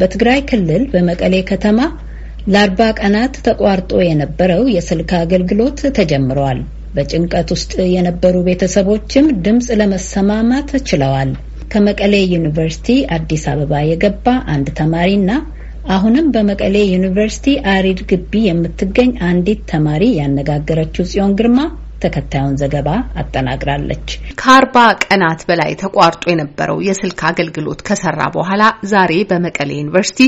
በትግራይ ክልል በመቀሌ ከተማ ለአርባ ቀናት ተቋርጦ የነበረው የስልክ አገልግሎት ተጀምሯል። በጭንቀት ውስጥ የነበሩ ቤተሰቦችም ድምፅ ለመሰማማት ችለዋል። ከመቀሌ ዩኒቨርሲቲ አዲስ አበባ የገባ አንድ ተማሪና አሁንም በመቀሌ ዩኒቨርሲቲ አሪድ ግቢ የምትገኝ አንዲት ተማሪ ያነጋገረችው ጽዮን ግርማ ተከታዩን ዘገባ አጠናቅራለች። ከአርባ ቀናት በላይ ተቋርጦ የነበረው የስልክ አገልግሎት ከሰራ በኋላ ዛሬ በመቀሌ ዩኒቨርሲቲ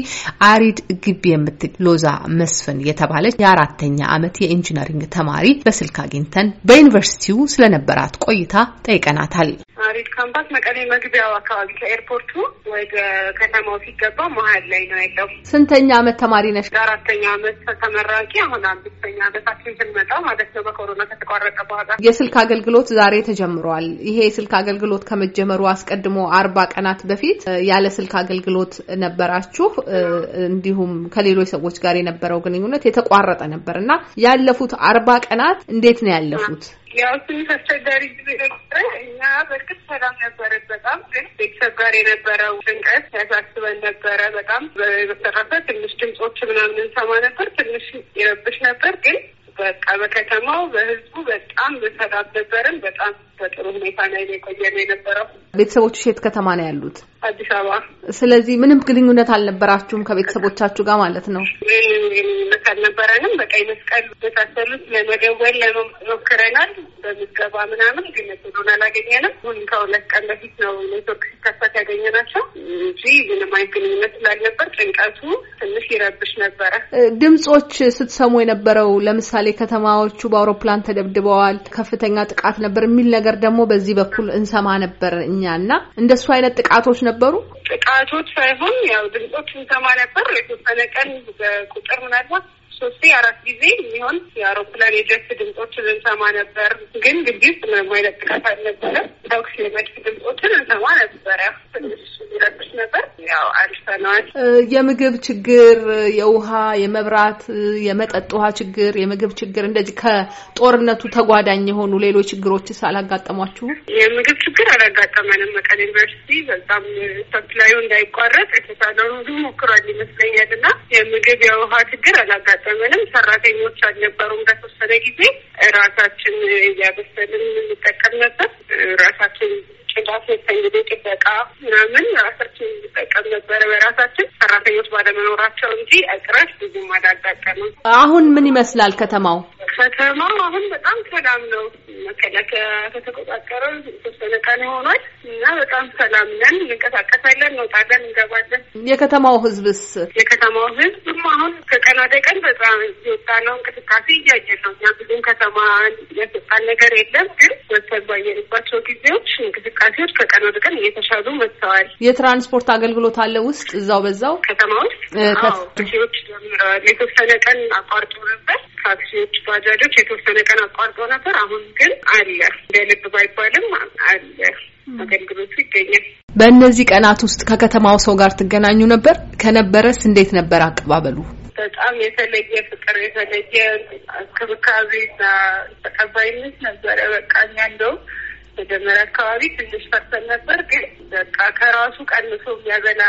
አሪድ ግቢ የምትገኝ ሎዛ መስፍን የተባለች የአራተኛ ዓመት የኢንጂነሪንግ ተማሪ በስልክ አግኝተን በዩኒቨርሲቲው ስለነበራት ቆይታ ጠይቀናታል። ናሬድ ካምፓስ መቀሌ መግቢያው አካባቢ ከኤርፖርቱ ወደ ከተማው ሲገባ መሀል ላይ ነው ያለው። ስንተኛ አመት ተማሪ ነሽ? አራተኛ አመት ተመራቂ፣ አሁን አምስተኛ አመታችን ስንመጣ ማለት ነው በኮሮና ከተቋረጠ በኋላ። የስልክ አገልግሎት ዛሬ ተጀምሯል። ይሄ የስልክ አገልግሎት ከመጀመሩ አስቀድሞ አርባ ቀናት በፊት ያለ ስልክ አገልግሎት ነበራችሁ፣ እንዲሁም ከሌሎች ሰዎች ጋር የነበረው ግንኙነት የተቋረጠ ነበር እና ያለፉት አርባ ቀናት እንዴት ነው ያለፉት? ያው ትንሽ አስቸጋሪ ጊዜ ነበረ። እኛ በእርግጥ ሰላም ነበረ በጣም ግን ቤተሰብ ጋር የነበረው ጭንቀት ያሳስበን ነበረ በጣም በተረፈ ትንሽ ድምፆች ምናምን እንሰማ ነበር። ትንሽ ይረብሽ ነበር ግን በቃ በከተማው በህዝቡ በጣም መሰራት ነበርን። በጣም በጥሩ ሁኔታ ላይ ነው የቆየነ የነበረው። ቤተሰቦቹ የት ከተማ ነው ያሉት? አዲስ አበባ። ስለዚህ ምንም ግንኙነት አልነበራችሁም ከቤተሰቦቻችሁ ጋር ማለት ነው? ምንም ግንኙነት አልነበረንም። በቀይ መስቀል መሳሰሉት ለመደወል ለመሞክረናል በምዝገባ ምናምን ግን እድሉን አላገኘንም። ሁን ከሁለት ቀን በፊት ነው ኔትወርክ ሲከፈት ያገኘ ናቸው እንጂ ምንም አይነት ግንኙነት ስላልነበር ጭንቀቱ ትንሽ ይረብሽ ነበረ። ድምጾች ስትሰሙ የነበረው ለምሳሌ ከተማዎቹ በአውሮፕላን ተደብድበዋል፣ ከፍተኛ ጥቃት ነበር የሚል ነገር ደግሞ በዚህ በኩል እንሰማ ነበር እኛ እና እንደሱ አይነት ጥቃቶች ነበሩ። ጥቃቶች ሳይሆን ያው ድምጾች እንሰማ ነበር የተወሰነ ቀን በቁጥር ምናልባት ሶስቴ አራት ጊዜ የሚሆን የአውሮፕላን የጀት ድምጾችን እንሰማ ነበር። ግን ግቢ ውስጥ ምንም አይነት ጥቃት አልነበረም። ተኩስ የመድፍ ድምጾችን እንሰማ ነበረ። ትንሽ ይረብሽ ነበር። ያው አልፈነዋል። የምግብ ችግር፣ የውሃ፣ የመብራት፣ የመጠጥ ውሃ ችግር፣ የምግብ ችግር እንደዚህ ከጦርነቱ ተጓዳኝ የሆኑ ሌሎች ችግሮችስ አላጋጠሟችሁ? የምግብ ችግር አላጋጠመንም። መቀሌ ዩኒቨርሲቲ በጣም ሰፕላዩ እንዳይቋረጥ የተቻለውን ሁሉ ሞክሯል ይመስለኛል እና የምግብ የውሃ ችግር አላጋጠመ ምንም ሰራተኞች አልነበሩም። በተወሰነ ጊዜ ራሳችን እያበሰልን እንጠቀም ነበር። ራሳችን ጭዳት የተንግዴ ጥበቃ ምናምን ራሳችን እንጠቀም ነበረ። በራሳችን ሰራተኞች ባለመኖራቸው እንጂ እጥረት ብዙም አላጋጠመም። አሁን ምን ይመስላል ከተማው? ከተማው አሁን በጣም ሰላም ነው። መከላከያ ከተቆጣጠረ የተወሰነ ቀን ሆኗል እና በጣም ሰላም ነን። እንንቀሳቀሳለን፣ እንወጣለን፣ እንገባለን። የከተማው ህዝብስ የከተማው ህዝብ አሁን ከቀን ወደ ቀን በጣም የወጣ ነው እንቅስቃሴ እያየ ነው። እኛ ብዙም ከተማ ያስወጣን ነገር የለም፣ ግን መሰል ባየንባቸው ጊዜዎች እንቅስቃሴዎች ከቀን ወደ ቀን እየተሻሉ መጥተዋል። የትራንስፖርት አገልግሎት አለ ውስጥ እዛው በዛው ከተማ ውስጥ ታክሲዎች ጀምረዋል። የተወሰነ ቀን አቋርጦ ነበር ታክሲዎች፣ ባጃጆች የተወሰነ ቀን አቋርጦ ነበር። አሁን ግን አለ። እንደ ልብ ባይባልም አለ፣ አገልግሎቱ ይገኛል። በእነዚህ ቀናት ውስጥ ከከተማው ሰው ጋር ትገናኙ ነበር? ከነበረስ እንዴት ነበር አቀባበሉ? በጣም የተለየ ፍቅር፣ የተለየ ክብካቤና ተቀባይነት ነበረ። በቃ እኛ እንደውም መጀመሪያ አካባቢ ትንሽ ፈርሰን ነበር፣ ግን በቃ ከራሱ ቀንሶ የሚያዘና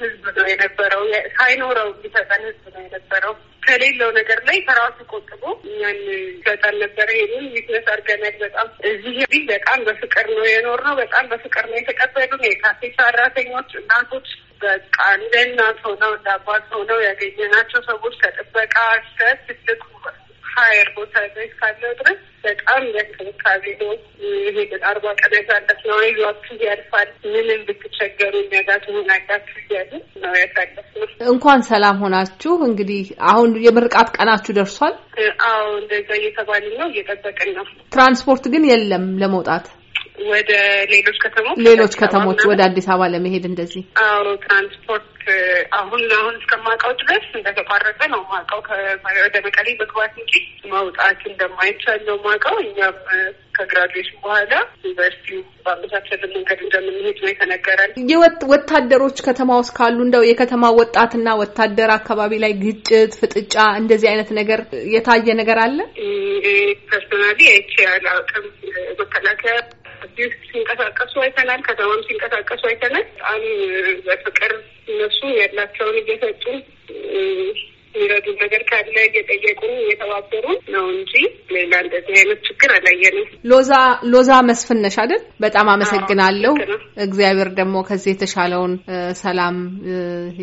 ህዝብ ነው የነበረው። ሳይኖረው የሚሰጠን ህዝብ ነው የነበረው። ከሌለው ነገር ላይ ከራሱ ቆጥቦ እኛን ይሰጠን ነበረ። ይህንን ዊትነስ አድርገናል። በጣም እዚህ ቢል በጣም በፍቅር ነው የኖርነው። በጣም በፍቅር ነው የተቀበሉን የካፌ ሰራተኞች፣ እናቶች በቃ እንደ እናት ሆነው እንደ አባት ሆነው ያገኘናቸው ሰዎች ከጥበቃ እስከ ትልቁ ሀየር ቦታ ላይ ካለው ድረስ በጣም ለእንክብካቤ ነው። ይሄ አርባ ቀን ያሳለፍ ነው። ይዟችሁ ያልፋል። ምንም ብትቸገሩ ነጋት ሆን አጋችሁ እያሉ ነው ያሳለፍ ነው። እንኳን ሰላም ሆናችሁ። እንግዲህ አሁን የምርቃት ቀናችሁ ደርሷል። አዎ እንደዛ እየተባልን ነው፣ እየጠበቅን ነው። ትራንስፖርት ግን የለም ለመውጣት ወደ ሌሎች ከተሞች ሌሎች ከተሞች ወደ አዲስ አበባ ለመሄድ እንደዚህ። አዎ ትራንስፖርት አሁን አሁን እስከማውቀው ድረስ እንደተቋረጠ ነው ማውቀው። ወደ መቀሌ መግባት እንጂ መውጣት እንደማይቻል ነው ማውቀው። እኛም ከግራጁዌሽን በኋላ ዩኒቨርሲቲው በአመቻቸል መንገድ እንደምንሄድ ነው የተነገረን። የወት ወታደሮች ከተማ ውስጥ ካሉ እንደው የከተማ ወጣትና ወታደር አካባቢ ላይ ግጭት፣ ፍጥጫ እንደዚህ አይነት ነገር የታየ ነገር አለ? ፐርሶናሊ አይቼ አላውቅም። መከላከያ እዚህ ሲንቀሳቀሱ አይተናል። ከተማም ሲንቀሳቀሱ አይተናል። በጣም በፍቅር እነሱ ያላቸውን እየሰጡ የሚረዱ ነገር ካለ እየጠየቁ እየተባበሩ ነው እንጂ ሌላ እንደዚህ አይነት ችግር አላየንም። ሎዛ ሎዛ መስፍን ነሽ አይደል? በጣም አመሰግናለሁ። እግዚአብሔር ደግሞ ከዚህ የተሻለውን ሰላም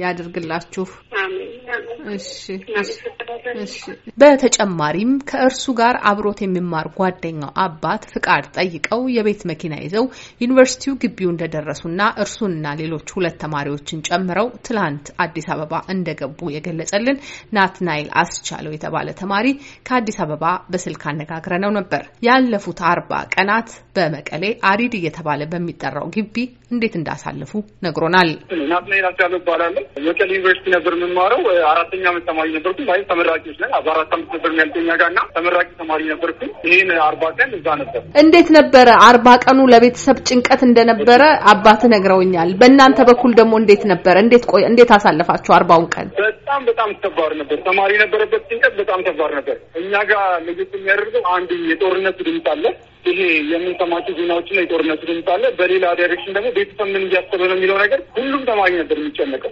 ያድርግላችሁ። እሺ በተጨማሪም ከእርሱ ጋር አብሮት የሚማር ጓደኛው አባት ፍቃድ ጠይቀው የቤት መኪና ይዘው ዩኒቨርሲቲው ግቢው እንደደረሱና እርሱንና ሌሎች ሁለት ተማሪዎችን ጨምረው ትላንት አዲስ አበባ እንደገቡ የገለጸልን ናትናይል አስቻለው የተባለ ተማሪ ከአዲስ አበባ በስልክ አነጋግረ ነው ነበር። ያለፉት አርባ ቀናት በመቀሌ አሪድ እየተባለ በሚጠራው ግቢ እንዴት እንዳሳለፉ ነግሮናል። ናትናይል አስቻለው ይባላል። መቀሌ ዩኒቨርሲቲ ነበር የምማረው። አራተኛ ዓመት ተማሪ ነበርኩ ማለት ተመራ ተመራቂዎች ላይ አስራ አራት አመት ነበር የሚያልጠኛ ጋር እና ተመራቂ ተማሪ ነበርኩ። ይህን አርባ ቀን እዛ ነበር። እንዴት ነበረ አርባ ቀኑ ለቤተሰብ ጭንቀት እንደነበረ አባት ነግረውኛል። በእናንተ በኩል ደግሞ እንዴት ነበረ? እንዴት ቆይ እንዴት አሳለፋችሁ አርባውን ቀን? በጣም በጣም ተባር ነበር። ተማሪ የነበረበት ጭንቀት በጣም ተባር ነበር። እኛ ጋር ልዩት የሚያደርገው አንድ የጦርነቱ ድምፅ አለ ይሄ የምንሰማቸው ዜናዎችና የጦርነቱ ድምፅ አለ። በሌላ ዳይሬክሽን ደግሞ ቤተሰብ ምን እያሰበ ነው የሚለው ነገር ሁሉም ተማሪ ነበር የሚጨነቀው።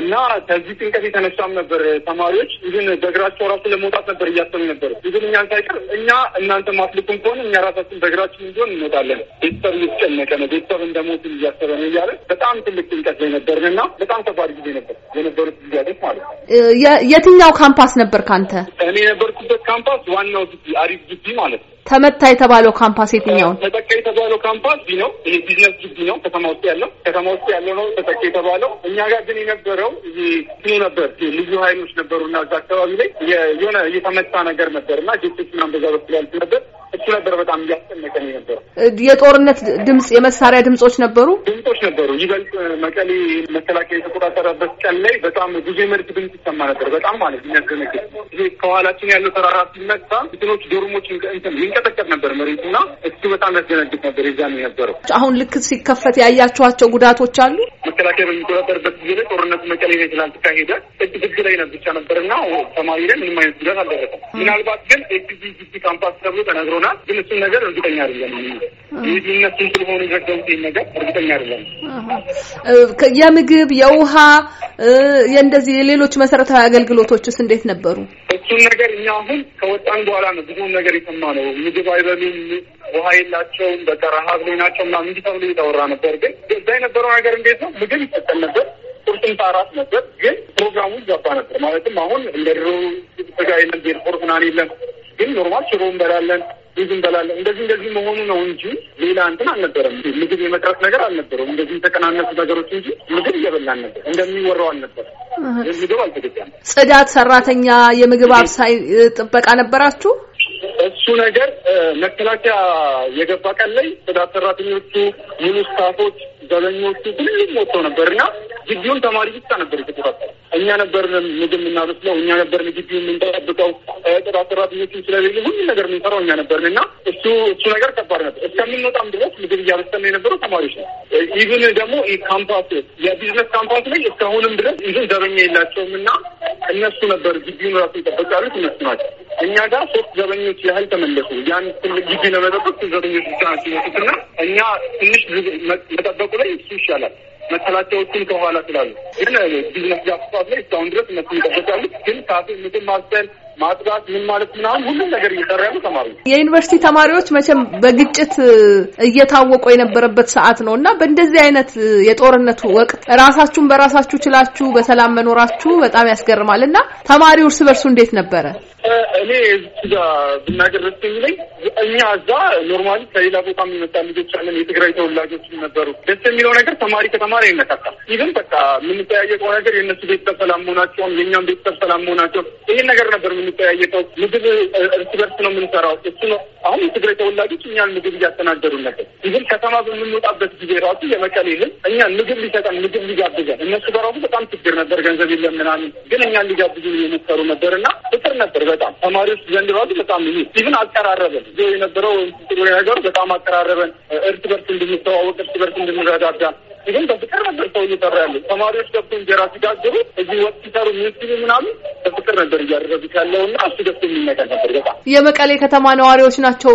እና ከዚህ ጥንቀት የተነሳም ነበር ተማሪዎች ይህን በእግራቸው ራሱ ለመውጣት ነበር እያሰብ ነበር። ይህን እኛን ሳይቀር እኛ እናንተ ማትልቁን ከሆነ እኛ ራሳችን በእግራችን እንዲሆን እንወጣለን፣ ቤተሰብ እየተጨነቀ ነው፣ ቤተሰብ እንደሞት እያሰበ ነው እያለ በጣም ትልቅ ጥንቀት ላይ ነበርን እና በጣም ከባድ ጊዜ ነበር የነበሩት ጊዜያቶች ማለት ነው። የትኛው ካምፓስ ነበር ከአንተ? እኔ የነበርኩበት ካምፓስ ዋናው ግቢ አሪፍ ግቢ ማለት ነው። ተመታ የተባለው ካምፓስ የትኛውን? ተጠቃ የተባለው ካምፓስ ቢ ነው። ይሄ ቢዝነስ ግቢ ነው፣ ከተማ ውስጥ ያለው ከተማ ውስጥ ያለው ነው ተጠቃ የተባለው። እኛ ጋር ግን የነበረው ይሄ ነበር፣ ልዩ ኃይሎች ነበሩ እና እዛ አካባቢ ላይ የሆነ የተመታ ነገር ነበር እና ጅቶች ምናምን በዛ በኩል ያሉት ነበር እሱ ነበር በጣም እያስጨነቀን ነበሩ። የጦርነት ድምፅ፣ የመሳሪያ ድምጾች ነበሩ ድምጾች ነበሩ። ይበልጥ መቀሌ መከላከያ የተቆጣጠረበት ቀን ላይ በጣም ብዙ የመሬት ድምፅ ይሰማ ነበር። በጣም ማለት የሚያስደነግጥ ከኋላችን ያለው ተራራ ሲመጣ ትኖች ዶርሞች እንትን ይንቀጠቀጥ ነበር መሬቱ መሬቱና እሱ በጣም ያስደነግጥ ነበር። ነው ነበረው። አሁን ልክ ሲከፈት ያያቸዋቸው ጉዳቶች አሉ። መከላከያ በሚቆጣጠርበት ጊዜ ላይ ጦርነቱ መቀሌ ላይ እጅ ግግ ላይ ነብቻ ነበር ነበርና ተማሪ ላይ ምንም አይነት ጉዳት አልደረሰም። ምናልባት ግን ኤግዚቢ ካምፓስ ተብሎ ተነግሮ ይሆናል፣ ግን እሱን ነገር እርግጠኛ አይደለም። የድነትን ስለሆኑ የዘገቡት ነገር እርግጠኛ አይደለም። የምግብ የውሃ የእንደዚህ የሌሎች መሰረታዊ አገልግሎቶችስ እንዴት ነበሩ? እሱን ነገር እኛ አሁን ከወጣን በኋላ ነው ብዙ ነገር የሰማ ነው። ምግብ አይበሉም፣ ውሃ የላቸውም፣ በቃ ረሀብ ላይ ናቸው ምናምን እንዲህ ተብሎ የተወራ ነበር። ግን እዛ የነበረው ነገር እንዴት ነው? ምግብ ይሰጠን ነበር ቁርጥም አራት ነበር። ግን ፕሮግራሙ ይዛባ ነበር ማለትም አሁን እንደ ድሮ ስጋ የለን፣ ጌር ቁርጥ ምናምን የለም። ግን ኖርማል ሽሮ እንበላለን። ብዙ እንበላለን እንደዚህ እንደዚህ መሆኑ ነው እንጂ ሌላ እንትን አልነበረም። ምግብ የመጥረት ነገር አልነበረም። እንደዚህ የተቀናነሱ ነገሮች እንጂ ምግብ እየበላን ነበር። እንደሚወራው አልነበረም። ምግብ አልተገጫም። ጽዳት ሰራተኛ፣ የምግብ አብሳይ፣ ጥበቃ ነበራችሁ? እሱ ነገር መከላከያ የገባ ቀን ላይ ጽዳት ሰራተኞቹ ሙሉ ስታፎች ዘበኞቹ ሁሉም ወጥተው ነበር እና ግቢውን ተማሪ ብቻ ነበር የተቆጣጠረ። እኛ ነበር ምግብ የምናበስለው፣ እኛ ነበር ግቢ የምንጠብቀው፣ ጥራ ሰራተኞቹ ስለሌሉ ሁሉ ነገር የምንሰራው እኛ ነበርን እና እሱ እሱ ነገር ከባድ ነበር። እስከምንወጣም ድረስ ምግብ እያበሰነ የነበረው ተማሪዎች ነው። ኢቭን ደግሞ ካምፓስ የቢዝነስ ካምፓስ ላይ እስካሁንም ድረስ ኢቭን ዘበኛ የላቸውም እና እነሱ ነበር ግቢውን ራሱ ይጠበቃሉት እነሱ ናቸው። እኛ ጋር ሶስት ዘበኞች ያህል ተመለሱ። ያን ትልቅ ግቢ ለመጠበቅ ዘበኞች ብቻ ናቸው የመጡት እና እኛ ትንሽ መጠበቁ ላይ እሱ ይሻላል። መከላከያዎቹም ከኋላ ስላሉ ግን ቢዝነስ ጋር ላይ እስካሁን ድረስ እነሱ ይጠበቃሉት። ግን ካፌ ምግብ ማስተል ማጥጋት ምን ማለት ምናምን ሁሉም ነገር እየሰራ ያሉ ተማሪዎች የዩኒቨርሲቲ ተማሪዎች መቼም በግጭት እየታወቁ የነበረበት ሰዓት ነው እና በእንደዚህ አይነት የጦርነቱ ወቅት ራሳችሁን በራሳችሁ ችላችሁ በሰላም መኖራችሁ በጣም ያስገርማል። እና ተማሪው እርስ በርሱ እንዴት ነበረ? እኔ እዛ ብናገር ደስ የሚለኝ እኛ እዛ ኖርማሊ ከሌላ ቦታ የሚመጣ ልጆች አለን፣ የትግራይ ተወላጆች ነበሩ። ደስ የሚለው ነገር ተማሪ ከተማሪ አይነካካል። ኢቭን በቃ የምንጠያየቀው ነገር የእነሱ ቤተሰብ ሰላም መሆናቸውን፣ የእኛም ቤተሰብ ሰላም መሆናቸውን ይህን ነገር ነበር የምንጠያየቀው ምግብ እርስ በርስ ነው የምንሰራው። እሱ ነው አሁን የትግራይ ተወላጆች እኛን ምግብ እያስተናገዱ ነበር። ይህን ከተማ በምንወጣበት ጊዜ ራሱ የመቀሌ ልን እኛን ምግብ ሊሰጠን ምግብ ሊጋብዘን፣ እነሱ በራሱ በጣም ችግር ነበር፣ ገንዘብ የለም ምናምን፣ ግን እኛን ሊጋብዙ የሞከሩ ነበር እና ፍቅር ነበር በጣም ተማሪዎች ዘንድ ራሱ በጣም ይህ ይህን አቀራረበን ዞ የነበረው ጥሩ ነገሩ በጣም አቀራረበን፣ እርስ በርስ እንድንተዋወቅ፣ እርስ በርስ እንድንረዳዳ ይህን በፍቅር ነበር ሰው እየሰራ ያለ ተማሪዎች ገብቶ እንጀራ ሲጋግሩ እዚህ ወቅት ሲሰሩ ምንስሉ ምናምን ቁጥር ነበር እያደረጉት ያለው እና እሱ ደስ የሚል ነገር ነበር። በጣም የመቀሌ ከተማ ነዋሪዎች ናቸው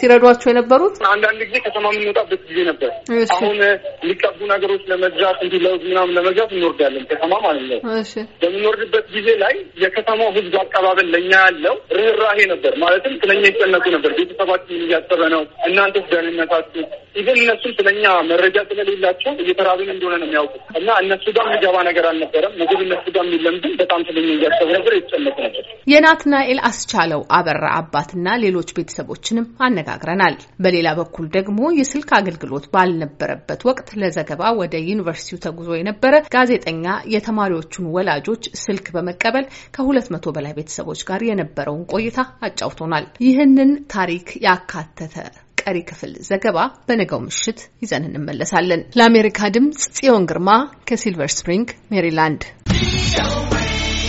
ሲረዷቸው የነበሩት። አንዳንድ ጊዜ ከተማ የምንወጣበት ጊዜ ነበር። አሁን ሊቀቡ ነገሮች ለመግዛት እንዲ ለውዝ ምናምን ለመግዛት እንወርዳለን ከተማ ማለት ነው። በምንወርድበት ጊዜ ላይ የከተማው ህዝብ አቀባበል ለእኛ ያለው ርኅራሄ ነበር። ማለትም ስለኛ ይጨነቁ ነበር። ቤተሰባችን እያሰበ ነው፣ እናንተ ደህንነታችሁ ኢቨን እነሱም ስለኛ መረጃ ስለሌላቸው እየተራብን እንደሆነ ነው የሚያውቁ እና እነሱ ጋር የሚገባ ነገር አልነበረም። ምግብ እነሱ ጋር የሚለም በጣም ስለኛ እያ ነበር፣ የተጨነቁ ነበር። የናትናኤል አስቻለው አበራ አባትና ሌሎች ቤተሰቦችንም አነጋግረናል። በሌላ በኩል ደግሞ የስልክ አገልግሎት ባልነበረበት ወቅት ለዘገባ ወደ ዩኒቨርሲቲው ተጉዞ የነበረ ጋዜጠኛ የተማሪዎቹን ወላጆች ስልክ በመቀበል ከሁለት መቶ በላይ ቤተሰቦች ጋር የነበረውን ቆይታ አጫውቶናል። ይህንን ታሪክ ያካተተ ቀሪ ክፍል ዘገባ በነገው ምሽት ይዘን እንመለሳለን። ለአሜሪካ ድምፅ ጽዮን ግርማ ከሲልቨር ስፕሪንግ ሜሪላንድ